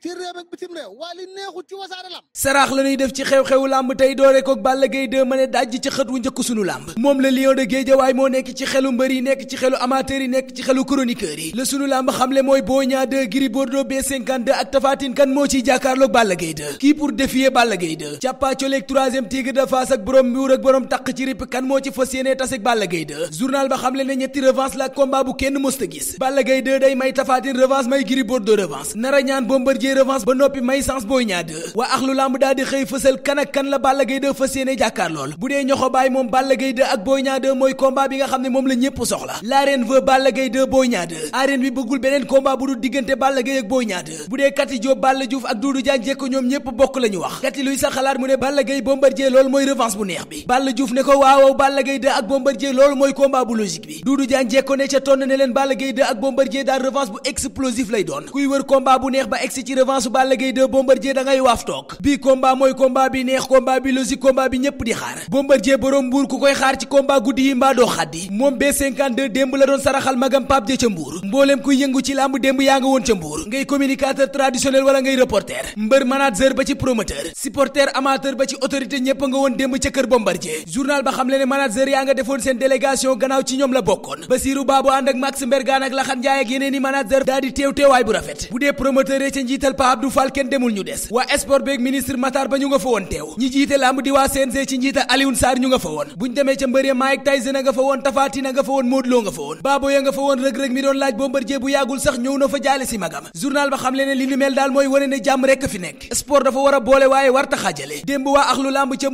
ci réew ak bitim réew waa li neexul ci wasaare lamb saraax la ñuy def ci xew-xewu lamb tey doore kook Balla Gaye 2 ma ne daj ci xët wu njëkk sunu lamb moom la lion de Guédiawaye moo nekk ci xelu mbër yi nekk ci xelu amateur yi nekk ci xelu chroniqueur yi la sunu lamb xamle mooy Boy Niang 2 Gris Bordeaux B52 ak Tapha kan moo ciy jàkkaarloog Balla Gaye 2 kii pour défier Balla Gaye 2 càppaacoleeg troisième tigre de Fass ak borom mbuur ak borom taq ci ripp moo ci fas yéene tas ak Balla Gaye 2 journal ba xamle ne ñetti revanche la combat jee revanche ba noppi may sans booy ñaa de waa axlu lamb daal di xëy fësal kan ak kan la Balla Gaye 2 fas yéene jàkkaar lool bu dee ñoxo baay moom Balla Gaye 2 ak booy ñaa de mooy combat bi nga xam ne moom la ñëpp soxla l'arène veut Balla Gaye 2 booy ñaa de arène bi bëggul beneen combat bu dul diggante Balla Gaye ak booy ñaa de bu dee Kati Diop Balla Diouf ak Doudou Diagne jekko ñoom ñëpp bokk la ñu wax Kati luy sa xalaat mu ne Balla Gaye Bombardier loolu mooy revanche bu neex bi Balla Diouf ne ko waawow Balla Gaye 2 ak Bombardier loolu mooy combat bu logique bi Doudou Diagne jekko ne ca tonn ne leen Balla Gaye 2 ak Bombardier daal revanche bu explosif lay doon kuy wër combat bu neex ba egsi ci revanche Balla Gaye 2 Bombardier da ngay waaf toog bii combat mooy combat bi neex combat bi logique combat bi ñëpp di xaar Bombardier borom mbuur ku koy xaar ci combat guddi yi mbaa doo xaddi moom B52 démb la doon saraxal magam Pape ja ca mbuur mbooleem kuy yëngu ci làmb démb yaa nga woon ca mbuur ngay communicateur traditionnel wala ngay reporter mbër manager ba ci promoteur supporter amateur ba ci autorité ñëpp nga woon démb ca kër Bombardier i manager njiital Pa waa sport beeg ministre Matar Ba ñu nga fa woon teew ñi jiite lamb di waa CNG ci njiital Alioune Sarr ñu nga fa woon buñ demee ca mbëre Mike Tyson a nga fa woon Tapha a nga fa woon Modou nga fa woon Baboy a nga fa woon rëg-rëg mi doon laaj Bombardier bu yàggul sax ñëw na fa jaale si magam journal ba xam le li ni mel daal mooy wane ne jàmm rekk fi nekk sport dafa war boole waaye war taxaajale démb waa axlu lamb ca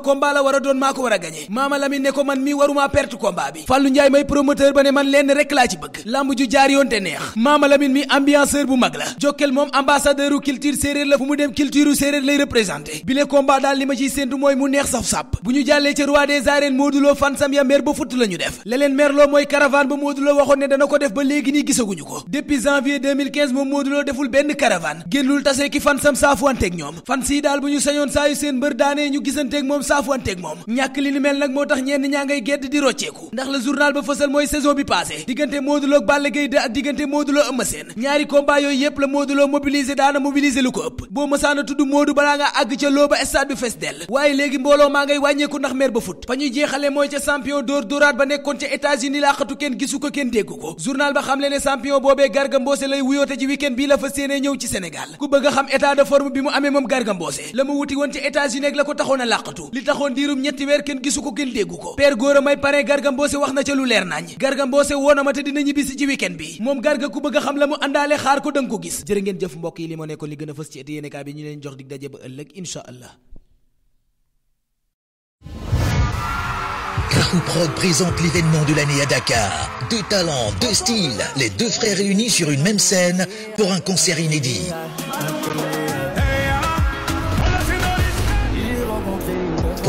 combat la war doon maa ko gañe maama ne ko man mii waruma perte combat bi Fallou Ndiaye may promoteur ba ne man lenn rek laa ci bëgg lamb ju jaar yoon neex maama mi ambianceur bu mag la Jokal moom ambassadeur u séeréer la fu mu dem culture séeréer lay représenté bile combat daal li ma ciy séentu mooy mu neex saf sàpp bu ñu jàllee ca roi des arènes Modou fansam ya mer ba futt la def leleen merloo mooy caravane ba Modou saafuwanteeg moom ñàkk li ni mel nag moo tax ñenn ñaa ngay gedd di rocceeku ndax la journal ba fësal mooy saison bi passé diggante Modou Lo ak Balla Gaye 2 ak diggante Modou Lo Eumeu ñaari combat yépp la Modou Lo mobilisé daana mobilisé lu ko ëpp boo mësaana tudd Modou balaa nga àgg ca loo ba stade bi fes dell waaye léegi mbooloo maa ngay wàññeeku ndax mer ba fut fa ñuy jeexale mooy ca champion dóor dóoraat ba nekkoon ca États-Unis laaxatu a xam état de forme bi mu woon ca a làqatu li taxoon diirum ñetti weer kenn gisu ko kenn déggu ko père góor a may parrain Garga Mbossé wax na ca lu leer nañ Garga Mbossé te dina ñibbisi ci week bi moom Garga ku bëgg a xam la mu àndaale xaar ko danga ko gis jërë ngeen jëf mbokk yi li moo li gën a fës ci ëtt yéenekaay bi ñu leen jox dig daje ba ëllëg incha allah Rahu Prod présente l'événement de l'année à Dakar. Deux talents, deux styles, les deux frères réunis sur une même scène pour un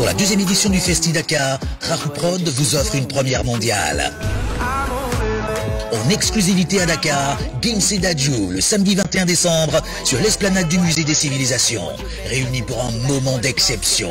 Pour la deuxième édition du Festi Dakar, Rahou Prod vous offre une première mondiale. En exclusivité à Dakar, Gims et Dadju, le samedi décembre, sur l'esplanade du Musée des Civilisations, réunis pour un moment d'exception.